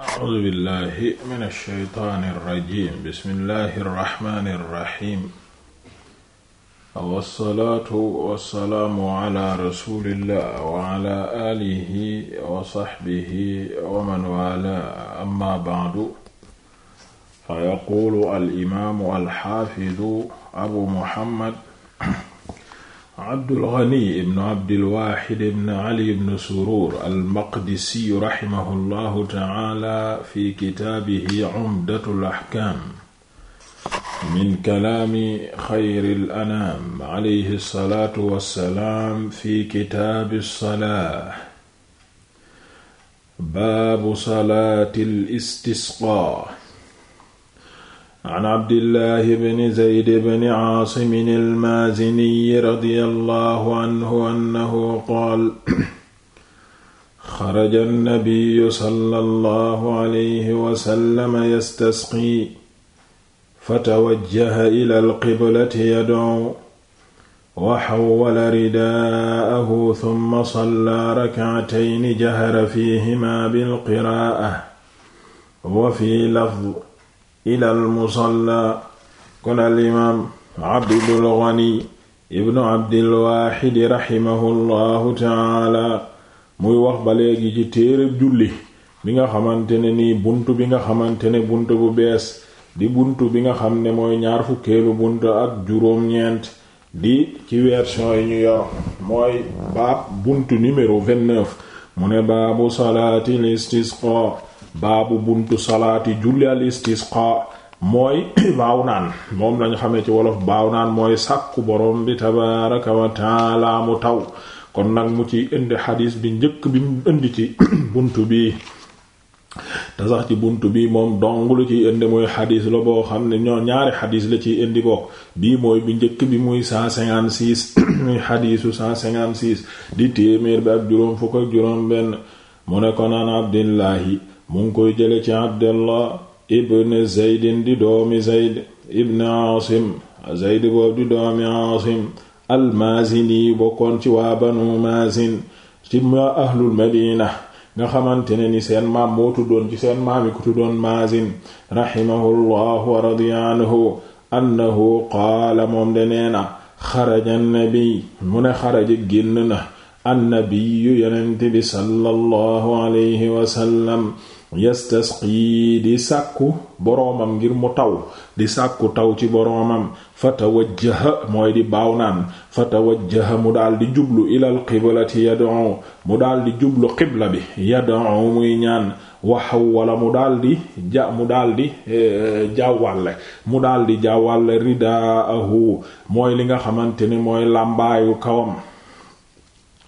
A'uuzu billaahi mina shaytaani rajiim bismillaahi rahmaani rahiim. Wassalaatu wassalaamu alaa rasuulillaah wa alaa aalihi wa sahbihi wa man waalaahu ammaa ba'du. Fa yaquulu al-imaamu al-haafidu Abu Muhammad. Abdul Ghani ibn Abdil Wahid ibn Ali ibn Surur al-Maqdisi rahimahullahu ta'ala fi kitaabihi Umdatul Ahkam min kalaami xayril anaam alayhi salaatu wa salaam fi kitaabi salaa baabu salaatil istisqaa an abdillahi bni zayd bni caasimin almaaziniyi radia allahu anhu annahu qaal xaraja annabiyu sala allahu alayhi wasallama yastasqi fatawajjaha ila alqiblati yadcu wa xawwala ridaahu summa sallaa rakcatayni jahara fihima bilqiraa'a wa fi lafd ila almusalla kon alimaam abdul ghani ibnu abdilwaxidi raximahu llahu taala muy wax ba léegi ci téereb julli bi nga xamante ne nii bunt bi nga xamante ne bunt bu bees di bunt bi nga xam ne mooy ñaar fukkeelu bunt ak juróom-ñeent di ci version yi ñu yor mooy baab bunt numéro 29 mu ne baabu salaati l istisqa baabu buntu salaati julli al istisqa mooy baaw naan moom lañu xamee ci wolof baaw naan mooy sàkku borom bi tabaaraka wa taala mu taw kon nag mu ci indi xadiis bi njëkk bi mu indi ci bunt bi te sax ci buntu bi moom dong la ciy indi mooy xadiis la boo xam ne ñoo ñaari xadiis la ciy indi bokk bii mooy bi njëkk bi muy 156 muy xadiisu 156 di téeméer bi ak juróom fukk ak juróom benn mu ne kon an abdillahi mu ngi koy jële ci abdillah ibn zeydin di doomi zeyd ibn aasim zeyd boobu di doomi aasim almaazini bokkoon ci waa banu maazin ci ma ahlul madina nga xamante ne ni seen maam moo tuddoon ci seen maam yi ku tuddoon maazin rahimahullah wa radiya anhu annahu moom de nee na xaraja nabi mu ne xaraja génn na annabiyu yonent bi sallallahu alayhi wasallam yastasqi di sàkku boromam ngir mu taw di sàkku taw ci boromam fatawajjaha mooy di baaw naan fatawajjaha mu daldi di jublu ilal qiblati yad'u mu daldi jublu qibla bi yad'u muy ñaan waxawala mu daldi di ja mu daal di eh, mu daal di jàwwalle ridaahu mooy li nga xamante ni mooy làmbaayu kawam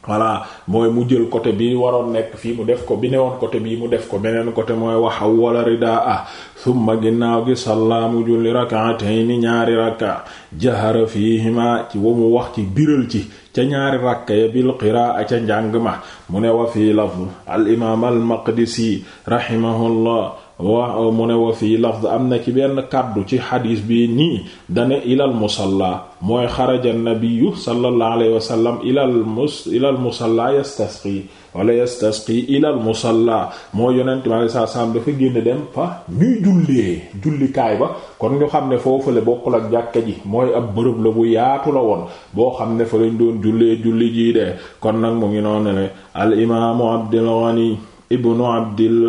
voilà mooy mu jël côté bi waroon nekk fii mu def ko bi newoon côté bii mu def ko beneen côté mooy wax waxa wala ridaa summa ginnaaw gi sallaamu julli rak'atayni ñaari rakka jahara fiihima ci wamu wax ci biral ci ca ñaari rakka ya bil qiraa ca njàng ma mu ne wa fii lafdu al imaam al maqdisi rahimahullah wa euh, mu ne wa fii lafz am na ci benn kàddu ci xadiis bi nii dane ilal musalla mooy xaraja nabiyu sallallahu alayhi wa sallam yastasqi wala yastasqi ilal musalla moo yonent mi dafa génn dem fa ñuy jullee jullikaay ba kon ñu xam ne foofu la bokkul ak jàkka ji mooy ab bërëb la bu yaatu la woon boo xam ne fa lañ doon jullee julli jii de kon nag mu ngi noonu ne al imaamu Abdul ibnu Abdil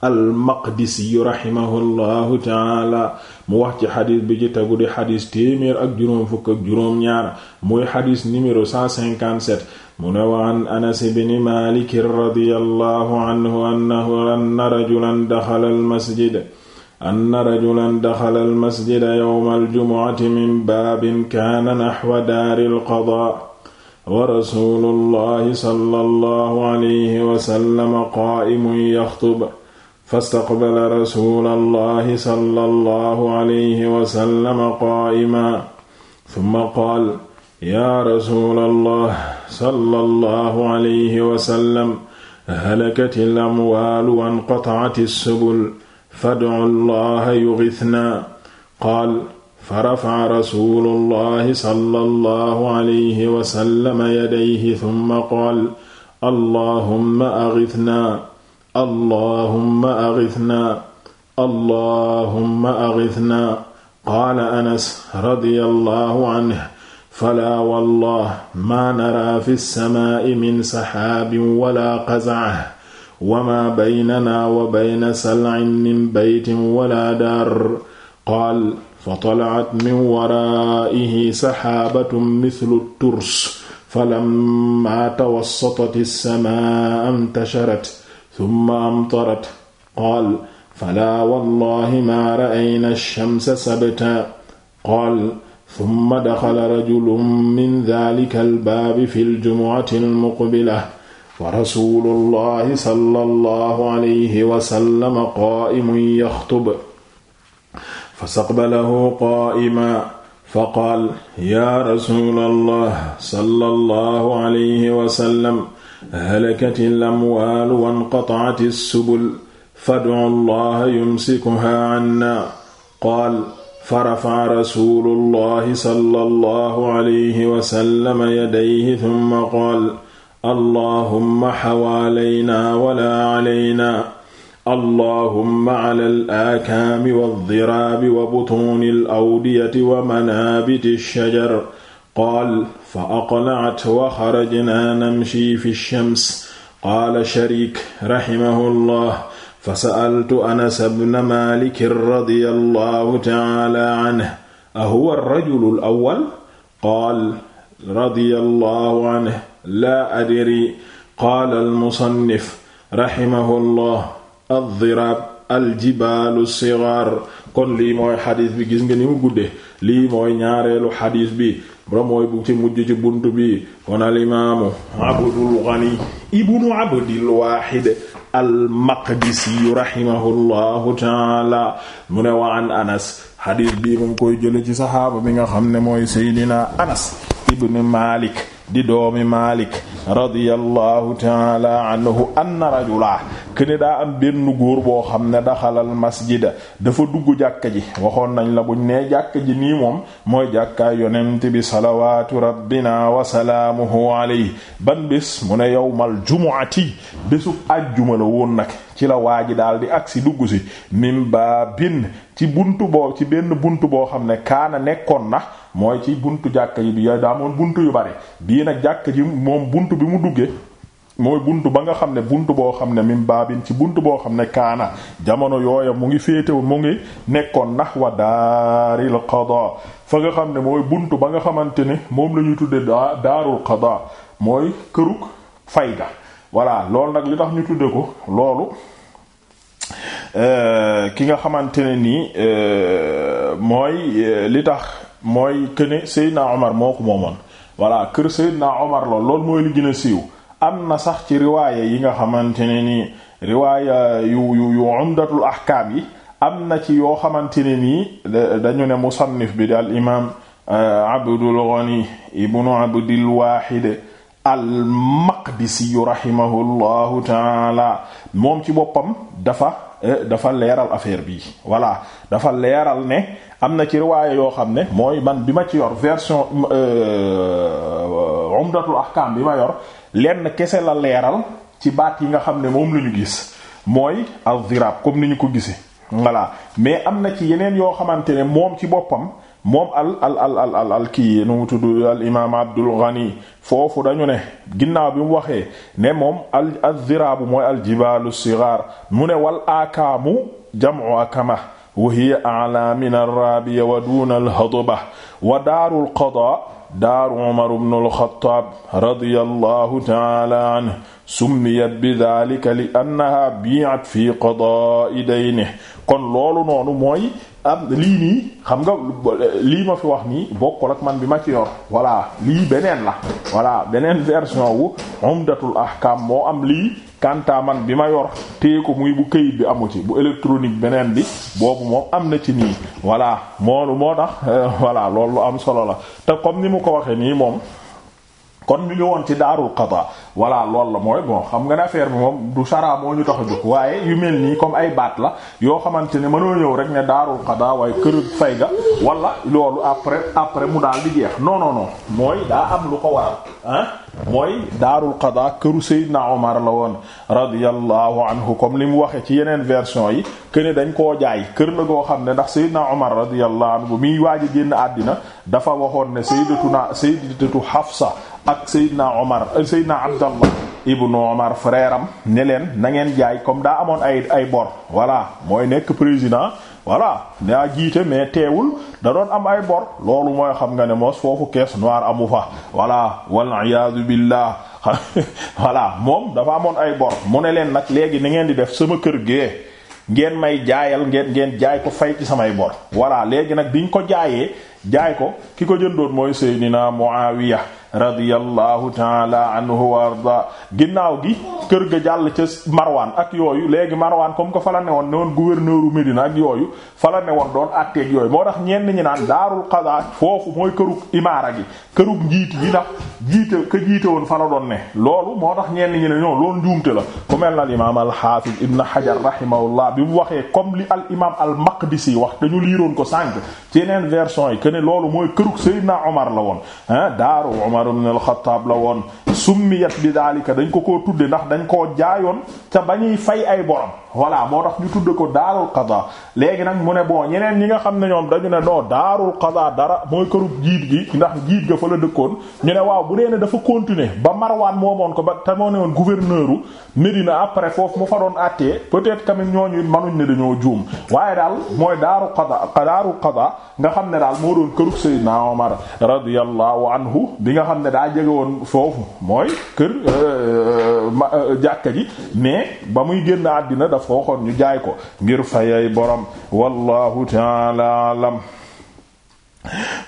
almaqdisiyu raximahullahu taala mu wax ci xadis bi ci tegu di xadis téeméer ak juróom fukk ak juróom ñaar muy xadis numéro 157 mu ne wa an anas bni maalik radiyallahu anhu annahu anna rajulan daxala almasjid anna rajulan daxala almasjida yowma aljumuati min baabin kaana naxwa daari alqadaa wa rasuulullahi sallallahu alayhi wa sallam qaa'imun yaxtub fastaqbala rasula allahi sala allahu alayhi wasallama qaa'ima summa qaal yaa rasula allah sala allahu alayhi wasallam halakati lamwaalu wanqata'ati subul fad'u allaha yughithna qaal farafa'a rasulu allahi sala allahu alayhi wasallama yadayhi summa qaal allahumma aghithna allahumma aghithna allahumma aghithna qaala anas radiyallahu anhu falaa wallah maa naraa fi samaa'i min saxaabin wala qaza'a wamaa baynanaa wa bayna sal'in min baytin wala daar qaal fatala'at min waraa'ihi saxaabatun mithlu turs falammaa tawassatat as-samaa' intasharat summa amtarat qaal falaa wallahi maa ra'ayna ash-shamsa sabta qaal summa daxala rajulun min daalika al-baabi fi al-jumu'ati al-muqbila wa rasuulullahi sallallahu alayhi wa sallam qaa'imun yaxtub fastaqbalahu qaa'iman faqaal yaa rasuulallah sallallahu alayhi wa sallam halakati al-amwaalu wa inqata'ati as-subul fad'u allaha yumsikuha 'anna qaal farafa'a rasuulu llahi sallallahu alayhi wa sallam yadayhi thumma qaal allahumma hawaalaynaa wa laa 'alaynaa allahumma 'alal aakaami wad-diraabi wa butuunil awdiyati wa manaabiti ash-shajar qaal fa aqlacat wa xarajnaa namshi fi shams qaala sharik rahimahullah fa sa'altu anas bna malik radiyallahu ta'ala anhu ahuwa ar-rajulu al-awwal qaal radiyallahu anhu laa adri qaala al-musannif rahimahullah ad-diraab aljibaalu sigar kon lii mooy xadis bi gis nga ni mu guddee lii mooy ñaareelu xadis bi ba bu ci mujj ci bunt bi kon al imaamu abdul ghani ibnu abdil waahid almaqdisi rahimahullahu taala mu ne wa an anas xadis bi mu koy jële ci saxaaba bi nga xam ne mooy seydina anas ibn malik di doomi Malik radiyallahu taala anhu anna rajula kene daa am benn góor boo xam ne daxalal masjida dafa dugg jàkk ji waxoon nañ la buñ nee jàkk ji nii moom mooy jàkkaay yonent bi salawaatu rabbina wa salaamuhu alayhi ban bis mu ne yawmal jumu'ati bésub àjjuma la woon nag ci la waa ji daal di agsi dugg si mim ba ci buntu boo ci benn bunt boo xam ne kaana nekkoon na mooy ci bunt jàkk yi bi yooyu daa bunt yu bari bii nag jàkk ji moom bunt bi mu duggee mooy bunt ba nga xam ne bunt boo xam ne min baabin ci bunt boo xam ne kaana jamono yooya mu ngi féetewu mu ngi nekkoon nax nahwa daaril qada fa nga xam ne mooy buntu ba nga xamante ne moom la ñuy tudde daarul qada mooy këruk fayda voilà loolu nag li tax tudde ko loolu euh, ki nga xamante ne nii euh, mooy euh, li tax mooy këne Seydina Omar moo ko moomoon voilà kër Seydina Omar la loolu mooy li gën a am na sax ci riwaaya yi nga xamante ne nii riwaaya yu yu yu umdatul yi am na ci yoo xamante ne nii dañu ne musannif bi di al imaam eh, Abdul Ghani ibnu Abdil Waahid al Maqdisi rahimahullahu taala moom ci boppam dafa eh, dafa leeral affaire bii voilà dafa leeral ne am na ci riwaaya yoo xam ne mooy man bi ma ci yor version euh, umdatul ahkam bi ma yor lenn kese la leeral ci baat yi nga xam ne moom la ñu gis mooy al-ziraab comme ni ñu ko gisee voilà mais am na ci yeneen yoo xamante ne moom ci boppam moom al al nu mu tudd al imaam foofu dañu ne ginnaaw bi waxee ne moom al al ziraabu mooy al jibaalu mu ne wal akaamu jam'u kama wa hiya a'la min ar-rabiya wa duna al-hadba wa daaru al-qada daaru umar ibn al-khattab radiyallahu ta'ala anhu summiyat bi dhalika li annaha bi'at fi qada'i daynihi kon loolu noonu mooy am lii nii xam nga lii ma fi wax nii bokkul ak man bi ma ci yor voilà lii beneen la voilà beneen version wu umdatul ahkam moo am lii kanta man bi ma yor téye ko muy bu këyit bi amu ci bu électronique beneen bi boobu moom am na ci nii voilà moolu moo tax voilà lool lu am solo la te comme ni mu ko waxee nii moom kon ñu ngi woon ci daarul qada voilà loolu la mooy bon xam nga ne affaire bi moom du chara moo ñu tax a waaye yu mel nii comme ay baat la yoo xamante ne mënoo ñëw rek ne daarul qada waaye kër fay ga wala loolu après après mu daal di jeex non mooy daa am lu ko waral ah. mooy daarul qada këru Seydina Omar la woon radiyallahu anhu comme li mu waxe ci yeneen version yi këne dañ koo jaay kër la goo xam ne ndax Seydina Omar radiyallahu anhu miy waaj a àddina dafa waxoon ne sayyidatuna sayyidatu Hafsa ak Seydina Omar euh, Seydina Abdallah ibnu Omar frère ni leen na ngeen jaay comme daa amoon ay ay bor voilà mooy nekk président voilà daa jiite mais teewul da doon am ay bor loolu mooy xam nga ne mos foofu caisse noire amu fa voilà wal iyaadu billah voilà moom dafa amoon ay bor mu ne leen nag léegi ni ngeen di def sama kër gee ngeen may jaayal ngeen ngeen jaay ko fay ci samay bor voilà léegi nag bi ñu ko jaayee jaay ko ki ko jëndoon mooy Seydina Muawiya radiyallahu taala anhu wa arda ginnaaw gi kër ga jàll ca Marwan ak yooyu léegi Marwan comme que fala ne woon ne woon gouverneur u Médina ak yooyu fa la ne woon doon àtteeg yooyu moo tax ñenn ñi naan daarul qada foofu mooy kërug imaara gi kërug njiit gi ndax jiite ka jiite woon fa doon ne loolu moo tax ñenn ñi ne ñoo loolu njuumte la ku mel na al imaam al xaafiz ibn hajar rahimahullah bi mu waxee comme li al imaam al maqdisi wax dañu liiroon ko sànq ci yeneen version yi que ne loolu mooy kërug Seydina Omar la woon daaru Omar Umar ibn al-Khattab la woon summiyat bi daalika dañ ko koo tudde ndax dañ koo jaayoon ca ñuy fay ay borom voilà moo tax ñu tudd ko daarul qada léegi nag mu ne bon ñeneen ñi nga xam ne ñoom dañu ne non daarul qada dara mooy kërub jiit gi ndax jiit ga fa la dëkkoon ñu ne waaw bu dee ne dafa continuer ba Marwaan moomoon ko ba te moo ne woon gouverneur u Médina après foofu mu fa doon àttee peut-être tamit ñooñu manuñ ne dañoo juum waaye daal mooy daaru qada daarul qada nga xam ne daal moo doon kërub Seydina Omar radiyallahu anhu bi nga xam ne daa jege woon foofu mooy kër euh, euh, euh, jàkka ji mais ba muy génn àddina dafa waxoon ñu jaay ko ngir fayay borom wallahu taala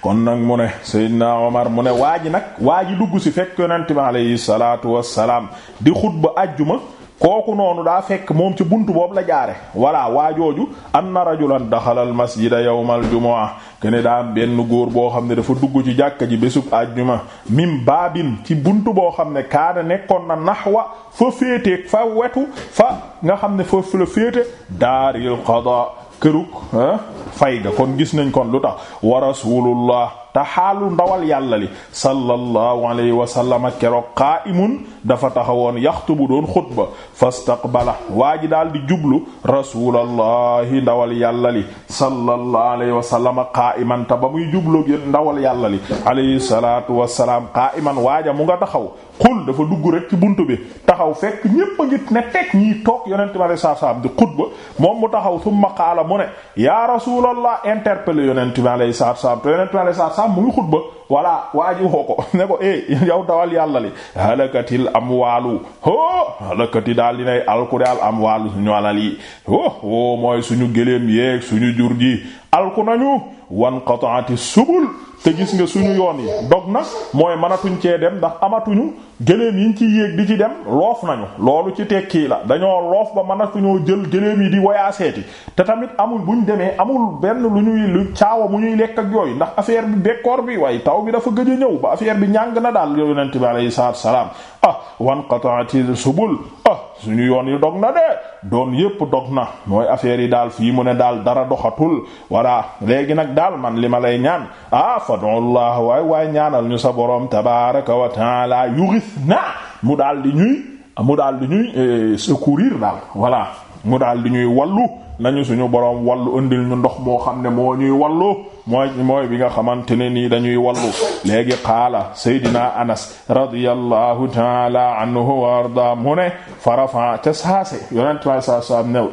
kon nag mu ne Seydina Omar mu ne waa ji nag waa ji dugg si fekk yonent bi alayhi salaatu wassalaam di xutba àjjuma kooku noonu daa fekk moom ci bunt boobu la jaare voilà waa jooju anna rajulan daxala al masjida yawmal jumu'a kene daa benn góor boo xam ne dafa dugg ci jàkka ji bésub ajjuma mim baabin ci buntu boo xam ne kaana nekkoon na naxwa fa féete fa wetu fa nga xam ne fa la féete daaril qada kërug ah, fay ga kon gis nañ kon lu tax wa rasulullah te xaalu ndawal yàlla li sallallahu alayhi wa sallam keroog qaa'imun dafa taxawoon yaxtubu doon xutba fastaqbala waa ji daal di jublu rasulallahi ndawal yàlla li sallallahu alayhi wa sallam qaa'iman te ba muy jublu ndawal yàlla li alayhi salaatu wa salaam qaa'iman waaja mu nga taxaw xul dafa dugg rek ci buntu bi taxaw fekk ñépp a ngi ne teg ñiy toog yonent bi saa saa di xutba moom mu taxaw summa qaala mu ne yaa rasulallah interpellé yonent bi saa salaam mu ngi xutba voilà waa ji ko ne ko eh yow dawal yàlla li halakatil amwaalu oh halakati daal dinay alku am amwaalu suñu alal yi oh oh mooy suñu gëléem yeeg suñu jur ji alku nañu wan qataati subul te gis nga suñu yoon yi dog na mooy mënatuñ cee dem ndax amatuñu gëléem yiñ ci yéeg di ci dem loof nañu loolu ci tekki la dañoo loof ba mënatuñoo jël gëléem yi di woyaaseeti te tamit amul buñ demee amul benn lu ñuy lu caawa mu ñuy lekk ak yooyu ndax affaire bi bekkoor bi waaye taw bi dafa gëj a ñëw ba affaire bi ñàng na daal yonent bi alayhi salaatu wa salaam ah wan qataati subul ah, suñu yoon yi dog na de doon yépp dog na mooy affaire yi daal fii mu ne daal dara doxatul voilà léegi nag daal man li ma lay ñaan ah fadullah waay waay ñaanal ñu sa borom tabaraka wa taala yuris na mu daal di ñuy mu daal di ñuy eh, secourir daal voilà mu daal di ñuy wallu nañu suñu borom wallu ëndil ñu ndox moo xam ne moo ñuy wallu mooy mooy bi nga xamante ne nii dañuy wallu léegi qaala saydina anas radiyallahu taala anhu wa arda mu ne farafa ca saase yonent way saa saam new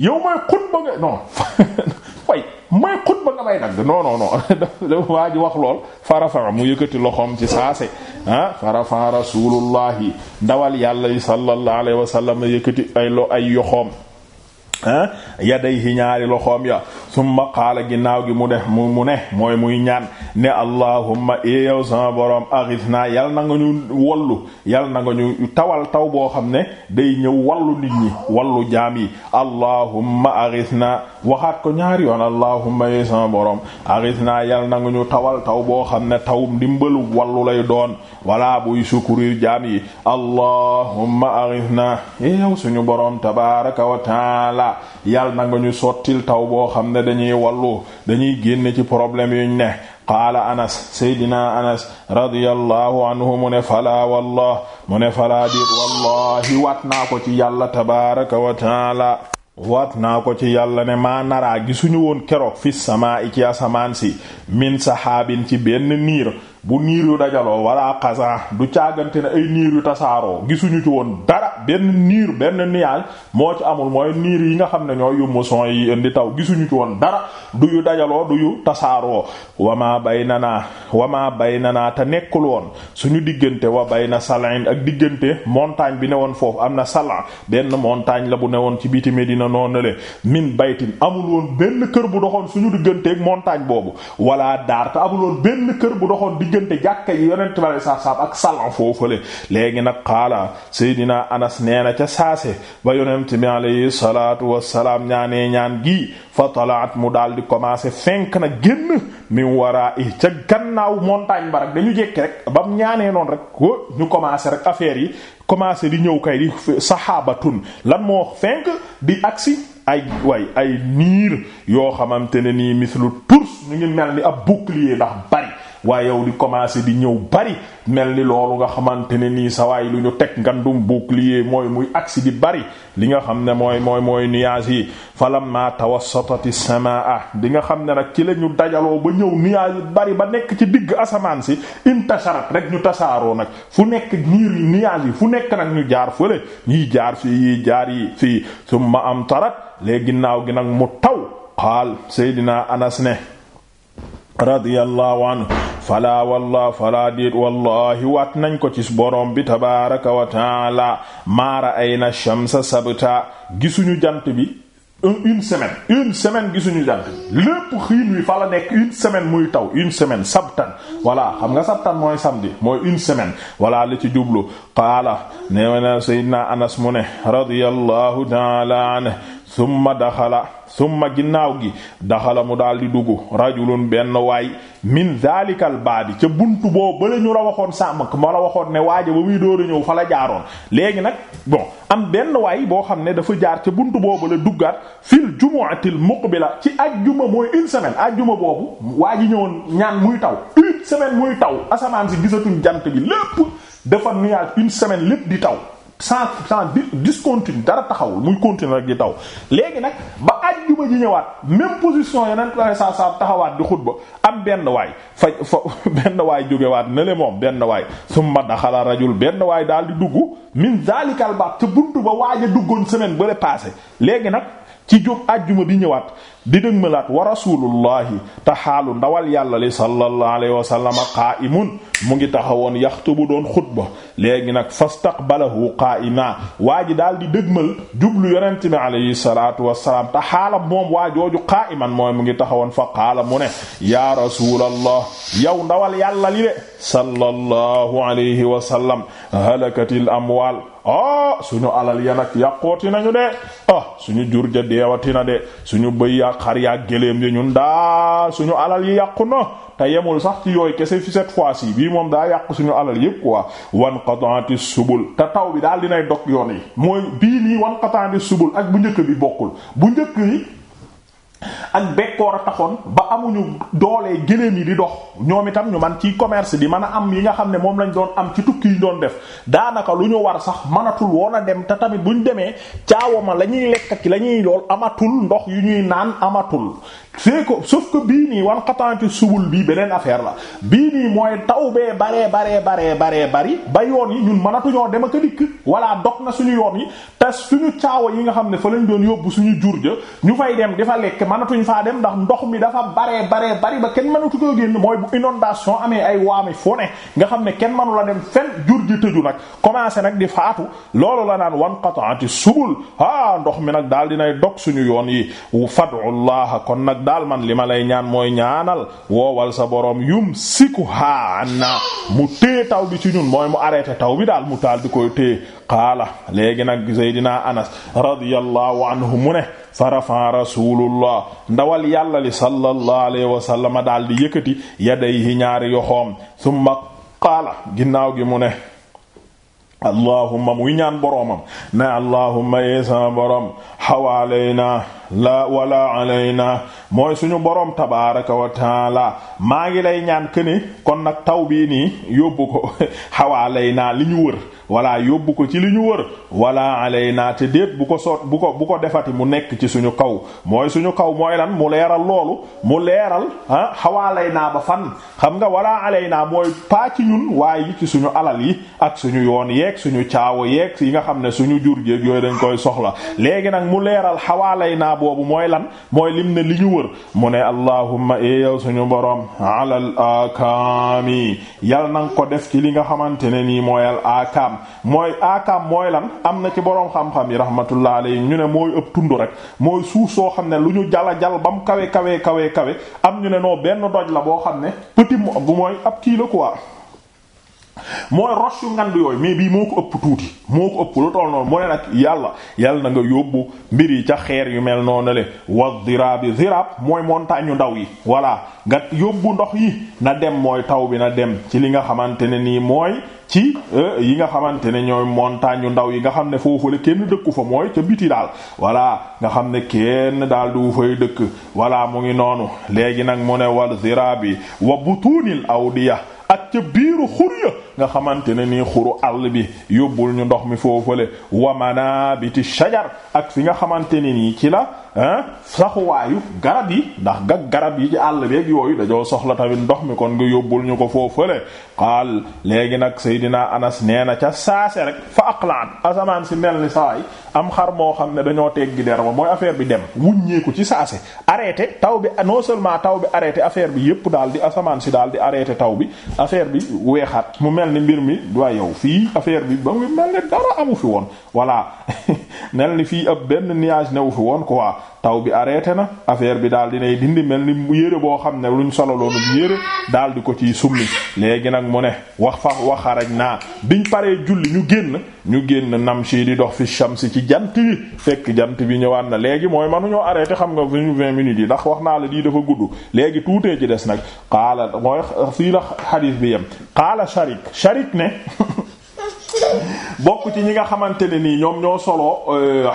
yow mooy xutba nga non way nga may dagg non non non waa ji wax lool farafa mu yëkkati loxoom ci saase ah farafa rasulullahi ndawal yàlla sallallahu alayhi wa sallam yëkkati ay lo ah yadayhi ñaari loxoom ya summa qaala ginnaaw gi mu def mu mu ne mooy muy ñaan ne allahumma e yow sama borom aghithna yal na nga ñu wallu yal na nga ñu tawal taw boo xam ne day ñëw wallu nit ñi wallu jaam yi allahumma aghithna waxaat ko ñaari yoon allahumma yow e sama borom aghithna yal na nga ñu tawal taw boo xam ne taw ndimbalu wallu lay doon wala buy sukuri jaam yi allahumma aghithna e yow suñu borom tabaaraka wa taala yàlla na nga ñu sottil taw boo xam ne dañuy wallu dañuy génne ci problème yuñ ne qaala anas seydina anas radiyallahu anhu mu ne falaa wallah mu ne falaa diit wallahi waat naa ko ci yàlla tabaraka wa taala waat ko ci yàlla ne maa naraa gisuñu woon keroog fi samaa i ci asamaan si min sahaabin ci benn niir bu niir yu dajaloo wala xasan du càggante ne ay niir yu tasaaroo gisuñu ci woon dara benn niir benn nuage moo ci amul mooy niir yi nga xam ne ñoo yu mousson yi indi taw gisuñu ci woon dara du yu dajaloo du yu tasaaroo wamaa bay na naa wamaa bay na naa te nekkul woon suñu diggante wa bay na salin ak diggante montagne bi ne woon foofu am na salan benn montagne la bu ne woon ci biti Medina noonu le min baytin amul woon benn kër bu doxoon suñu digganteeg montagne boobu diggante jàkka yi yonent bale saab-saab ak salan foofale léegi nag xaala seydina anas nee ca saase ba yonent bi alayhi salaatu wassalaam ñaanee ñaan gi fa talaat mu daal di commencé fenk na génn mi waraa i ca gannaaw montagne ba rek dañu jekki rek bam ñaanee noonu rek ko ñu commencé rek affaire yi commencé di ñëw kay di saxaabatun lan moo fenk di agsi ay way ay niir yoo xamante ne nii mislu turs ñu ngi mel ni ab bouclier ndax bari waaye yow di commencer di ñëw bari mel ni loolu nga xamante ne nii sawaay lu ñu teg ngandum bouclier mooy muy aksi di bari li nga xam ne mooy mooy mooy nuages yi falamma tawassatati samaa di nga xam ne nag ci la ñu dajaloo ba ñëw nuages yi bari ba nekk ci digg asamaan si intasharat rek ñu tasaaroo nag fu nekk niir nuages yi fu nekk nag ñu jaar fële ñii jaar fii yii jaar yi fii am amtarat léegi ginnaaw gi nag mu taw xaal Seydina Anas ne radiyallahu anhu fala wallah fala déet wallahi waat nañ ko ci borom bi tabaraka wa taala maara ay na shamsa gisuñu jant bi une semaine une semaine gisuñu jant bi lépp xiin wi fa nekk une semaine muy taw une semaine sabtan voilà xam nga sabtan mooy samedi mooy une semaine voilà li ci jublu qaala nee na sayyidina anas mu radiyallahu taala anhu summa daxala summa ginnaaw gi daxala mu daal di dugg rajulun benn waay min zalikal bi ca bunt boo bale ñu la waxoon sàmm sàmmak ma la waxoon ne waaja ba muy dóor a ñëw fa la jaaroon léegi nag bon am benn waay boo xam ne dafa jaar ca bunt boobu la duggaat fil jumu'atil muqbila ci ajjuma mooy une semaine ajjuma boobu waa ji ñëwoon ñaan muy taw une semaine muy taw asamaan si gisatuñ jant bi lépp dafa nuyaat une semaine lépp di taw sans sans discontinue dara taxawul muy continuer rek di daw léegi nag ba ajjuma ji ñëwaat même position yeneen la saa saa taxawaat di xutba am benn waay fa fa benn waay jógewaat ne moom benn waay summa daxala rajul benn waay daal di dugg min zalikal baab te buntu ba waaj a duggoon semaine ba le passé léegi nag ci jóg ajjuma di ñëwaat di dëgmalaat wa rasulullahi ta xaal ndawal yàlla li sallallahu alayhi wa sallam qaa'imun mu ngi taxawoon yaxtubu doon xutba léegi nag fastaqbalahu qaa'ima waa ji daal di dëgmal jublu yonent bi alayhi salaatu wassalaam te xaalam moom waa jooju qaa'iman mooy mu ngi taxawoon fa qaala mu ne ya rasulallah yow ndawal yàlla li de sallallahu alayhi wa sallam ah suñu alal ya nag yàqooti nañu de ah suñu jur ja deewati na de suñu bëy ya xar ya géléem yi ñun daal suñu alal yi yàqu na te yemul sax ci yooyu kese fi cette fois bii moom daa yàq suñu alal yépp waa wan qata'ati subul te taw bi daal dinay dog yoon yi mooy bii nii wan qata'ati subul ak bu njëkk bi bokkul bu njëkk yi ak bekkoor a taxoon ba amuñu doolee gëléem yi di dox ñoom itam ñu man ci commerce di mën a am yi nga xam ne moom lañ doon am ci tukki yi doon def daanaka lu ñu war sax mënatul woon a dem te tamit buñ demee caawama la ñuy lekk ki la ñuy lool amatul ndox yu ñuy naan amatul c'est que sauf que bii nii wan xataante subul bii beneen affaire la bii nii mooy taw bee baree baree bare bare bari ba yoon yi ñun mënatuñoo dem ak a dikk walla dog na suñu yoon yi te suñu caawa yi nga xam ne fa lañ doon yóbbu suñu jur ja ñu fay dem di lekk mënatuñ faa dem ndax ndox mi dafa baree baree bari ba kenn mënatu ko génn mooy bu inondation amee ay waame nga xam ne kenn mënu la dem fenn jur ji tëju nag commencé nag di faatu loolu la naan wan xataante subul ah ndox mi nag daal dinay dog suñu yoon yi fadullah kon nag daal man li ma lay ñaan mooy ñaanal woowal sa boroom yum siku haan na mu téye taw bi ci ñun mooy mu arrêté taw bi daal mu taal di koy téye qaala léegi nag Seydina Anas radiyallahu anhu mu ne farafa rasulullah ndawal yàlla li sallallahu alayhi wa sallam daal di yëkkati yadayhi ñaari yoxoom summa qaala ginnaaw gi mu ne allahumma muy ñaan boroomam ne allahumma yee sama boroom xawa la wala alayna mooy suñu boroom tabaraka wa taala maa ngi lay ñaan këne kon nag taw bii nii yóbbu ko xawa alayna li ñu wër wala yóbbu ko ci li ñu wër wala alaynaa te déet bu ko soot bu ko bu ko defati mu nekk ci suñu kaw mooy suñu kaw mooy lan mu leeral loolu mu leeral ah xawaalaynaa ba fan xam nga wala alaynaa mooy paa ci ñun ci suñu alal yi ak suñu yoon yeeg suñu caawa yeeg yi nga xam ne suñu jur jéeg yooyu dañ koy soxla léegi nag mu leeral xawaalaynaa boobu mooy lan mooy lim ne li ñu wër mu ne allahumma eh, yow suñu borom alal akaami yal na ko def ci li nga xamante ne nii mooy al akaam mooy aakam mooy lan am na ci boroom xam-xam yi rahmatullah alayhi ñu ne mooy ëpp tund rek mooy suuf soo xam ne lu ñu jala jal ba mu kawe kawe kawe kawe am ñu ne noo benn doj la boo xam ne petit bu mooy ab kiila la mooy roche yu ngand yooyu mais bii moo ko ëpp tuuti moo ko ëpp lu toll noonu mu ne nag yàlla yàlla na nga yóbbu mbir yi ca xeer yu mel noonu le wa zirabi mooy montagne yu ndaw yi voilà nga yóbbu ndox yi na dem mooy taw bi na dem ci li nga xamante ne nii mooy ci euh, yi nga xamante ne ñooy montagne yu ndaw yi nga xam ne foofu la kenn dëkku fa mooy ca biti daal nga xam ne kenn daal du fay dëkk voilà mu ngi noonu léegi nag mu ne wal zirabi wa butunil awdiya ak ca biiru xur ya nga xamante ne nii xuru àll bi yóbbul ñu ndox mi foofale biti shajar ak fi nga xamante ne nii ci la saxuwaayu garab yi ndax gag garab yi ci àll beeg yooyu dañoo soxla tamit ndox mi kon nga yóbbul ñu ko foofale xaal léegi nag dinaa Anas nee na ca saase rek fa aqlaat asamaan si mel ni sawaay am xar moo xam ne dañoo teggi der ba mooy affaire bi dem wuññeeku ci saase arrêté taw bi non seulement taw bi arrêté affaire bi yépp daal di asamaan si daal di arrêté taw bi affaire bi weexaat mu mel ni mbir mi doy yow fii affaire bi ba mu mel ni amu fi woon voilà mel ni fii ab benn niage newu fi woon quoi taw bi arrêté na affaire bi daal dinay dindi mel ni yére boo xam ne luñ sololoonu yére daal di ko ciy summi léegi nag mu ne wax fa wax waxaraj naa biñ paree julli ñu génn ñu génn namshi di dox fi shamsi ci jant bi fekk jant bi ñëwaan na léegi mooy manuñoo arrêté xam nga ñu vingt minutes yi ndax wax naa la dii dafa gudd léegi tuutee ci des nag xaala mooy fii la xadiis bi yem xaala sharik sharik ne bokk ci ñi nga xamante ne nii ñoom ñoo solo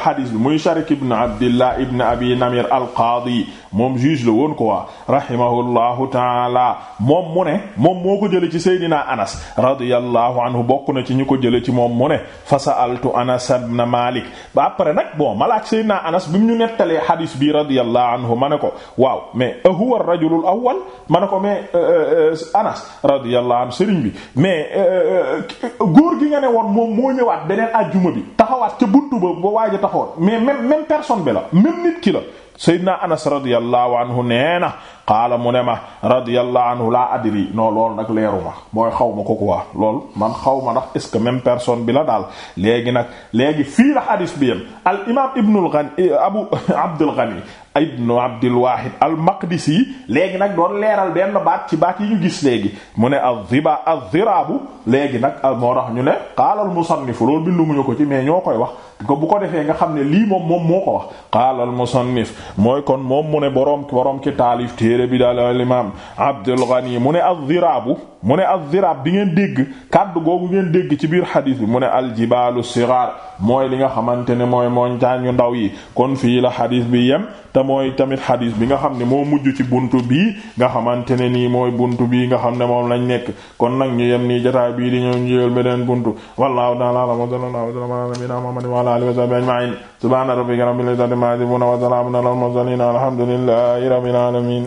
xadiis euh, bi muy Sharik ibn Abdillah ibn Abi Namir al-Qadi moom juge la woon ko quoi rahimahullahu taala moom mu ne moom moo ko jële ci seydina anas radiyallahu anhu bokk na ci ñu ko jële ci moom mu ne fa sa'altu anas na malik ba après nag boo ma laaj seydina anas bi mu ñu nettalee hadis bi radiyallahu anhu ma ne ko waaw mais huwa ar-rajulul awwal ma ne ko mais euh, euh, anas radiyallahu anhu sëriñ bi mais euh, góor gi nga ne woon moom moo ñëwaat beneen ajjuma bi taxawaat ca buntu ba ba waaja taxawoon mais même même personne bi la même nit ki Seydina Anas radiyallahu anhu nee na qaala mu ne ma radiyallahu anhu laa adri non loolu nag leeru ma mooy xaw ma ko quoi loolu man xaw ma ndax est-ce que même personne bi la daal léegi nag léegi fii la xadis bi yam al imaam ibnul Ghani eh, abu Abdul Ghani ibnu Abdul Wahid al Maqdisi léegi nag doon leeral benn baat ci baat yi ñu gis léegi mu ne az-ziba az-ziraabu léegi nag moo tax ñu ne qaala al musannif loolu bindumuñu ko ci mais ñoo koy wax ko bu ko defee nga xam ne lii moom moom moo ko wax qaala al musannif téere bi daal al imam Abdul Ghani mu ne az-ziraabu mu ne az-ziraab bi ngeen dégg kàddu googu ngeen dégg ci biir xadiis bi mu ne aljibaalu sigaar mooy li nga xamante ne mooy montagne yu ndaw yi kon fii la xadiis bi yem te mooy tamit xadiis bi nga xam ne moo mujj ci buntu bii nga xamante ne nii mooy buntu bii nga xam ne moom lañ nekk kon nag ñu yem nii jotaay bii di ñëw ñu jël beneen buntu wallahu ta'ala a'lam wa sallallahu wa sallama ala nabiyyina muhammadin wa ala alihi wa sahbihi ajma'in subhana rabbika rabbil izzati amma yasifun wa salamun ala al mursalin alhamdulillahi rabbil alamin